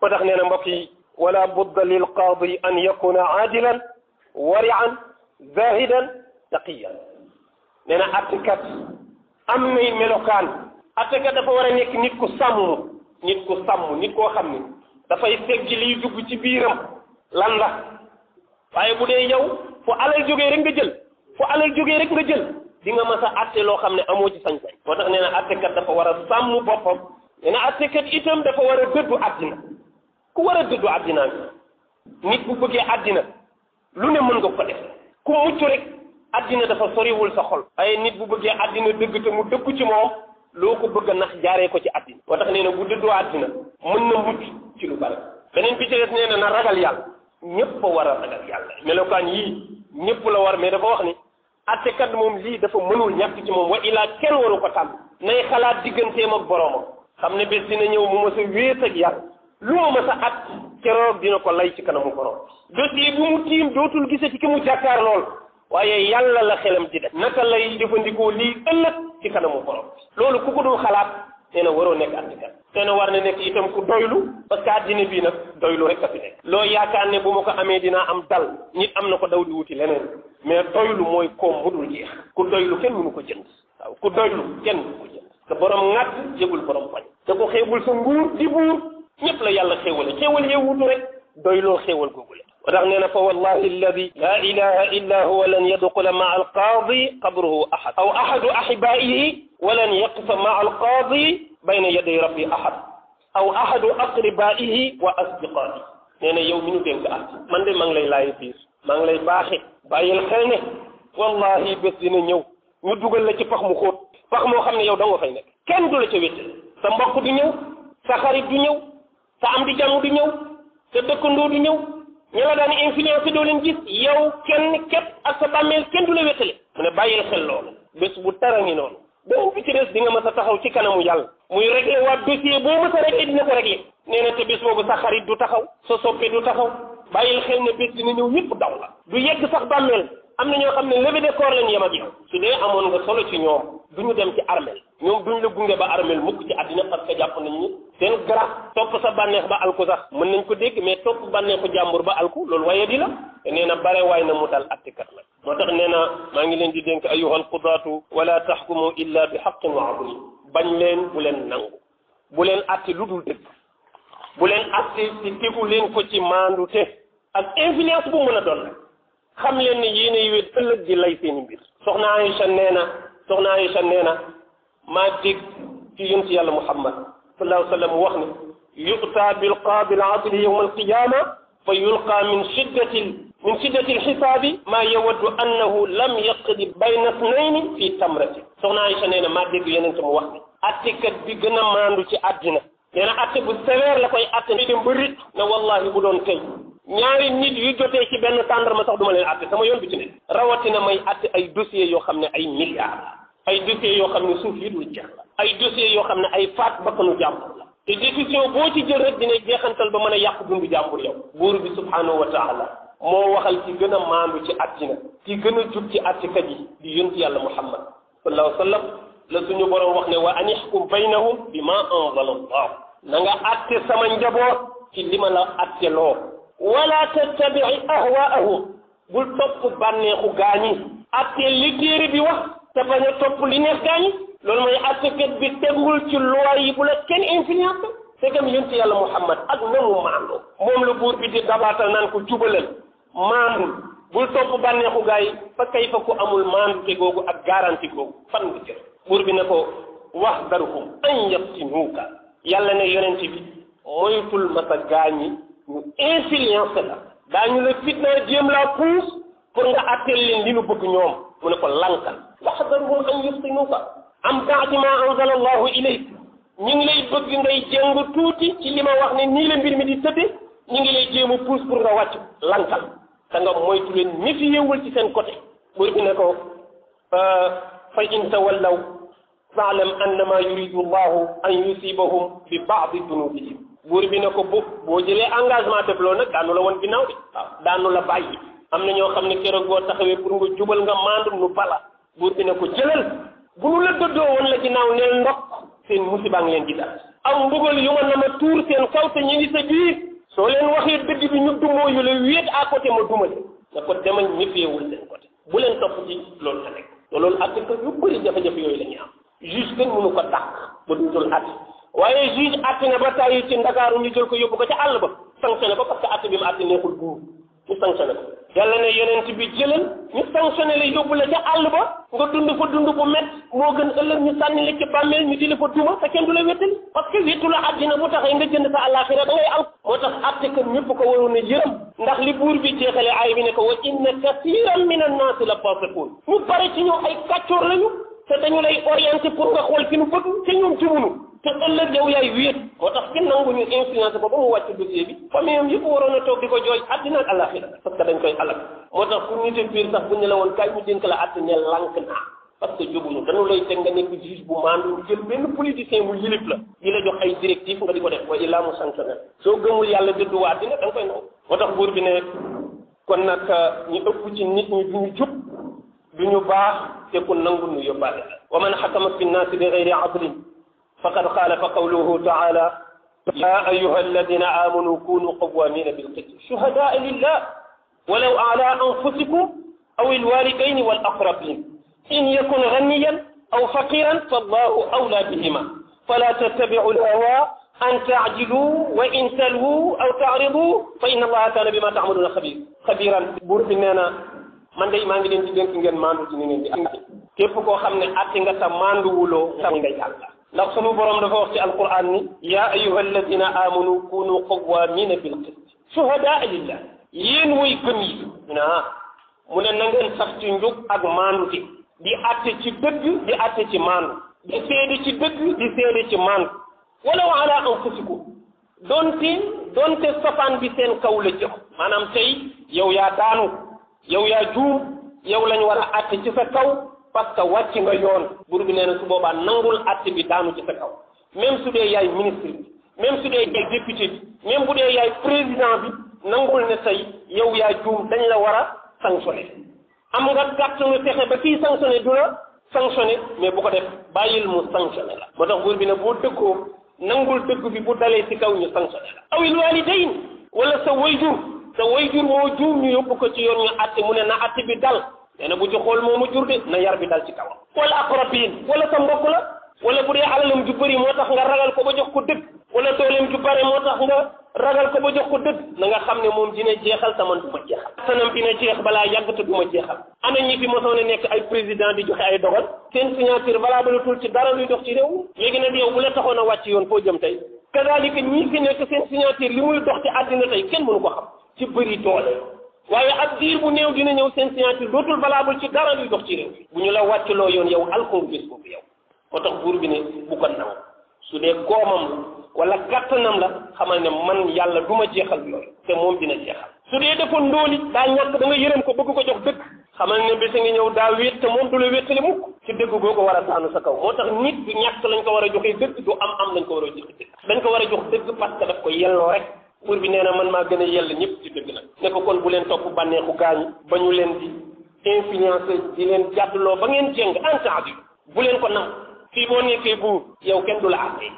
ba tax nee na mbokk yi wala budda lil qaadi an yakuna aadilan warian zahidan taqiyan nee na attekat am nay melokaan attekat dafa war a nekk nit ku sàmm nit ku sàmm nit koo xam ni dafay segg liy dugg ci biiram lan la waaye bu dee yow fu alal jógee rek nga jël fu alal jógee rek nga jël di nga mës a atte loo xam ne amoo ci sañ-sañ moo tax nee na attekat dafa war a sàmm boppam nee na attekat itam dafa war a dëddu àddina ku war a dëddu àddina bi nit bu bëggee àddina lu ne mën nga ko def ku mucc rek àddina dafa soriwul sa xol waaye nit bu bëggee àddina dëgg te mu dëggu ci moom loo ko bëgg a nax jaaree ko ci àddina moo tax nee bu dëddoo àddina mën na mucc ci lu bari beneen bi ci des nee na na ragal yàlla ñëpp a war a ragal yàlla melokaan yii ñëpp la war mais dafa wax ni àttekat moom lii dafa mënul ñàkk ci moom wa ilaa kenn waru ko tàmm nay xalaat digganteem ak boroomam xam ne bés dina ñëw mu mës yàlla lu ma mës a at keroog dina ko lay ci kanamu borom dossier bu mu tiim dootul gisati ki mu jàkkaar lool waaye yàlla la xelam di def naka lay jëfandikoo lii ëllëg ci kanamu borom loolu ku ko dul xalaat nee na waroo nekk àddina nee na war na nekk itam ku doylu parce que àddina bii nag doylu rek a fi nekk loo yaakaar ne bu ma ko amee dinaa am dal nit am na ko daw di wuti leneen mais doylu mooy koom mu dul jeex ku doylu kenn mënu ko jënd waaw ku doylu kenn mënu ko jënd ñëpp la yàlla xéewale xéwal yee wutu rek doy loo xéewal googu la نينا فوالله الذي لا إله إلا هو لن يدخل مع القاضي قبره أحد أو أحد أحبائه ولن يقف مع القاضي بين يدي ربي أحد أو أحد أقربائه وأصدقائه نينا يوم من دينك أحد من دي من لي لا يبير من لي باخي باي الخينة والله بس دينا نيو ñu dugal la ci fax mu xóot fax moo xam ne yow da nga fay nekk kenn du la ca sa mbokk du ñëw sa xarit du ñëw sa am di jàmm du ñëw sa dëkkandoo du ñëw ñu la daan influencé doo leen gis yow kenn képp ak sa bàmmeel kenn du la wéttale mu ne bàyyil xel loolu bés bu tara ngi noonu beneen bi ci des di nga mës a taxaw ci kanamu yàlla muy réglé waa dossier boo mës a réglé dina ko réglé nee na te bés boobu sa xarit du taxaw sa soppe du taxaw bàyyil xel ne bés dina ñëw ñëpp daw la du yegg sax bàmmeel am na ñoo xam ne levée de corps lañu dee amoon nga solo ci ñoom ñu dem ci armel ñoom duñ la gunge ba armel mukk ci àddina parce que jàpp nañ ni seen grâce topp sa bànneex ba alku sax mën nañ ko dégg mais topp bànneexu jàmbur ba alku loolu waye di la nee na bare waay na mu dal attikat la moo tax nee na maa ngi leen di dénk ayuhal qudaatu wala taxkumu illa bi xaqin wa adl bañ leen bu leen nangu bu leen atti lu dul dëgg bu leen atti ci tegu ko ci maandu te mën a doon xam leen ni yéenay wéet ëllëg ji lay seeni mbir soxna Aïcha nee na soxna Aïcha nee na maa dégg ci yonent yàlla Muhammad sallallahu alayhi wa sallam wax ni yuqta bil qaadi al adli yawma al qiyama fa yulqa min shiddati min shiddati al xisaabi maa yawaddu annahu lam yaqdi bayna snayni fi tamrati soxna Aïcha nee na maa dégg yonent mu wax ni attikat bi gën a maandu ci àddina nee na atte bu sévère la koy atte dem ba rit na wallahi bu doon tey ñaari nit yu jotee ci benn tàndarma sax duma leen àtte sama yoon bi ci ne rawatina may àtte ay dossier yoo xam ne ay milliards ay dossier yoo xam ne suuf yi dul jeex la ay dossier yoo xam ne ay faat bakkanu jàmbur la te décision boo ci jël rek dina jeexantal ba mën a yàq dundu jàmbur yow buur bi subhanahu wa taala moo waxal ci gën a maandu ci àddina ci gën a jub ci àttikat yi di yonti yàlla muhammad sallallahu alayhi wa sallam la suñu borom wax ne wa an ixkum baynahum bi ma anzala allah na nga àtte sama njaboot ci li ma la àtteloo wala tattabii ahwaahum bul topp bànneexu gaañi atte li téere bi wax te bañ a topp li neex gaañi loolu mooy attekat bi tegul ci loi bu la kenn influence c'est comme yonent yàlla Muhammad ak nangu maandu moom la buur bi di dabaatal naan ko jubalal maandul bul topp bànneexu gaa fa kay fa ku amul maandu te googu ak garanti googu fan nga jël buur bi ne ko wax daruhum an yaftinuuka yàlla ne yonent bi moytul ma sa gaañi influence la daañu la fitna jéem laa puus pour nga àtteel leen li nu bëgg ñoom mu ne ko lankal waxdaruhum an yuftinuka am baadi ma anzala allahu ilayk ñu ngi lay bëgg ngay jàng tuuti ci li ma wax ne nii la mbir mi di tëdde ñu ngi lay jéem a puus pour nga wàcc lankal da nga moytu leen ñi fi yëngul ci seen côté buur ne ko euh, fa in tawallaw faalam annama yuridu allahu an yusibahum bi baadi dunubihim buur bi ne ko bu boo jëlee engagement def loolu nag daanu la woon ginnaaw de waaw daanu la bàyyi am na ñoo xam ne keroog boo taxawee pour nga jubal nga maandu nu bala buur bi ne ko jëlal bu nu la dëddoo woon la ginnaaw neel ndokk seen musiba ngi leen di dal aw mbugal yu ma na ma tuur seen kaw te ñu ngi sa biir soo leen waxee dëgg bi ñu dumoo yu la wéet à ma dumale ne ko demañ ñëppeewul seen côté bu leen topp ci loolu la nekk te loolu àtte yu yooyu la ñuy am juste mënu ko dàq ba waaye juge àtte na ba tàyyi ci ndakaaru ñu jël ko yóbbu ko ca àll ba sanctionné ko parce que àtte bi mu àtte buur ñu sanctionné ko yàlla ne yonent bi jëlal ñu sanctionné la yóbbu la ca àll ba nga dund fa dund bu met moo gën ëllëg ñu sànni la ci bàmmeel ñu di la fa duma te kenn du la wéttali parce que wéttu la àddina bu taxee nga jënd sa àllaaxira da ngay moo tax àtte kan ñëpp ko waroon yërëm ndax li buur bi jeexale aay bi ne wa inna te ëllëg yow yaay wéet moo tax kenn nangu ñu influencé ko ba mu wàcc dossier bi famille am yëpp waroon a toog di ko jooy àddina ak àllaaxira parce que dañ koy alal moo tax ku nite biir sax bu ñu la woon kaay ñu dénk la àtt ne lànk naa parce que jóguñu dañu lay teg nga nekk juge bu maandu jël benn politicien bu yilib la di la jox ay directive nga di ko def wa illaa mu sanctionné soo gëmul yàlla dëdduwaa dina da nga koy nangu moo tax buur bi ne kon nag euh, ñu ëpp ci nit ñi duñu jub duñu baax te ku nangu nu yóbbaale la wa man xakama fi nnaasi bi gayri adlin فقد قال فقوله تعالى يا أيها الذين آمنوا كونوا قوامين بالقسط شهداء لله ولو على أنفسكم أو الوالدين والأقربين إن يكن غنيا أو فقيرا فالله أولى بهما فلا تتبعوا الهوى أن تعجلوا وإن تلووا أو تعرضوا فإن الله كان بما تعملون خبير خبيرا بورتي نانا man day maa ngi leen di dénk ngeen maandu ci ni ngeen di àtte képp koo ndax sunu borom dafa wax ci alquran ni ya ayuha alladina amanu kunu qawamina bil qist shuhada lillah yeen way gëm yi na ah, mu ne na ngeen sax ci njub ak maandu ci di atte ci dëgg di atte ci manu di seedi ci dëgg di seedi ci maandu walaw ala anfusikum donte donte safaan bi seen kaw la jëm maanaam tey yow yaa daanu yow yaa juum yow lañ war a atte ci sa kaw parce que wàcc nga yoon bur bi nee na su boobaa nangul àtte bi daanu ci sa kaw même su dee yaay ministre bi même su dee yaay député bi même bu dee yaay président bi nangul ne tey yow yaa juum dañ la war a sanctionné am nga gàttanu texe ba kii sanctionné du la sanctionné mais bu ko def bàyyil mu sanctionné la moo tax buur ne boo dëggoo nangul dëgg bi bu dalee ci kaw ñu sanctionné la awil walidayn wala sa wayjur sa wayjur moo juum ñu yóbbu ko ci yoon mu na àtte bi nee bu ci xool moomu jur de na yar bi dal ci kawam wala aqrabin wala sa mbokk la wala bu dee alalam ju bëri moo tax nga ragal ko ba jox ko dëgg wala dooleem ju bare moo tax nga ragal ko ba jox ko dëgg na nga xam ne moom dina jeexal te man du ma jeexal sanam dina jeex balaa yàgg te du ma jeexal ana ñi fi mosoon a nekk ay président di joxe ay dogal seen signature balaa ba la tul ci dara luy dox ci réew léegi nag yow bu la taxoon a yoon foo jëm tey kadaalika ñii fi nekk seen signature li dox ci àddina kenn mënu ko xam ci bëri doole waaye ak diir bu néew dina ñëw seen signature dootul valable ci dara luy jox ci réew bu ñu la wàcculoo yoon yow alkool bés boobu yow moo tax buur bi ne bu ko naw su dee koomam la wala kàttanam la xamal ne man yàlla duma ma jeexal loolu te moom dina jeexal su dee dafa ndóoli daa ñàkk da nga yërëm ko bëgg ko jox dëkk xamal ne bés nga ñëw daa wéet te moom du la wéttale mukk ci dëgg goo ko war a saanu sa kaw moo tax nit du ñàkk lañ ko war a joxee dëgg am am lañ ko war a joxe dëgg ko war a jox dëgg parce que daf ko rek buur na man maa gën a yell ñëpp ne ko kon bu leen topp bànneexu gaañu ba ñu leen di influencé di leen loo ba ngeen jëng en temps bi bu leen ko nangu fii boo nekkee buur yow kenn du la àtte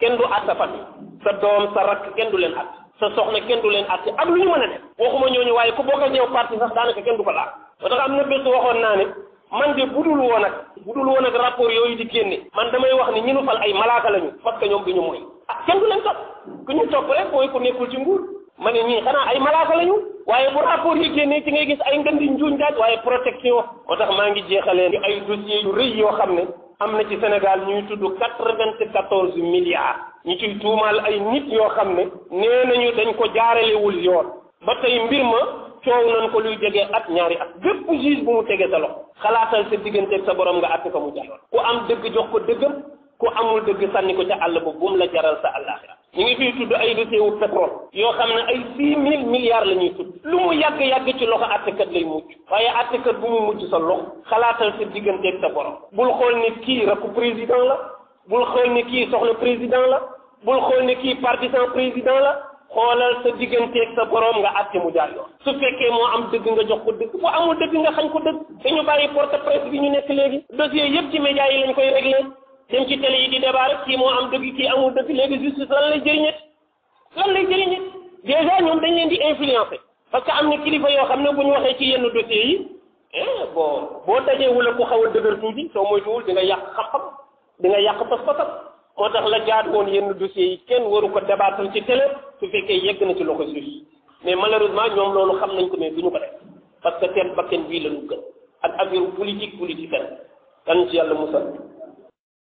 kenn du àtte sa famille sa doom sa rakk kenn du leen àtte sa soxna kenn leen àtte ak lu ñu mën ne def waxuma ñooñu waaye ku bokk ak yow parti sax daanaka kenn du ko laal ba tax am na bés waxoon naa ne man de budul woon ak budul woon ak rapport yooyu di génne man damay wax ni ñu nu fal ay malaata lañu parce que ñoom du ñu mooy ah kenn du leen topp ku ma ne ñii xanaa ay malaaka lañu waaye bu rapport yi génnee ci ngay gis ay ngandi njuuñ daaj waaye protection moo tax maa ngi jeexalee ay dossiers yu rëy yoo xam ne am na ci Sénégal ñuy tudd quatre-vingt-quatorze milliards ñu ci tuumaal ay nit yoo xam ne nee nañu dañ ko jaaralewul yoon ba tey mbir ma coow nañ ko luy jege at ñaari at bépp juge bu mu tegee sa loxo xalaatal sa digganteek sa borom nga àtte ko mu jaar ku am dëgg jox ko dëggam ku amul dëgg sànni ko ca àll ba bu la jaral sa ñu ngi fiy tudd ay dossier wu pétrole yoo xam ne ay six mille milliards la ñuy tudd lu mu yàgg yàgg ci loxo àttekat lay mujj waaye àttekat bu mu mujj sa loxo xalaatal sa digganteeg sa borom bul xool ni kii rakku président la bul xool ni kii soxla président la bul xool ni kii partisan président la xoolal sa digganteeg sa borom nga àtte mu jaar yoon su fekkee moo am dëgg nga jox ko dëgg bu amul dëgg nga xañ ko dëgg dañu bàyyi porte presse bi ñu nekk léegi dossier yëpp ci média yi lañ koy réglé dem ci télé yi di débat rek kii moo am dëgg kii amul dëgg léegi justice lan lay jëriñat lan lay jëriñat dèjà ñoom dañ leen di influencer parce que am na kilifa yoo xam ne bu ñu waxee ci yenn dossiers yi bon boo dajewul ak ku xaw a dëgër tuuti soo moytuwul di nga yàq xam-xam di nga yàq pas-pasam moo tax la jaad woon yenn dossiers yi kenn waru ko débattre ci télé su fekkee yegg na ci loxo justice mais malheureusement ñoom loolu xam nañ ko mais du ñu ko def parce que seen bakkan bii la ñu gën ak affaire politique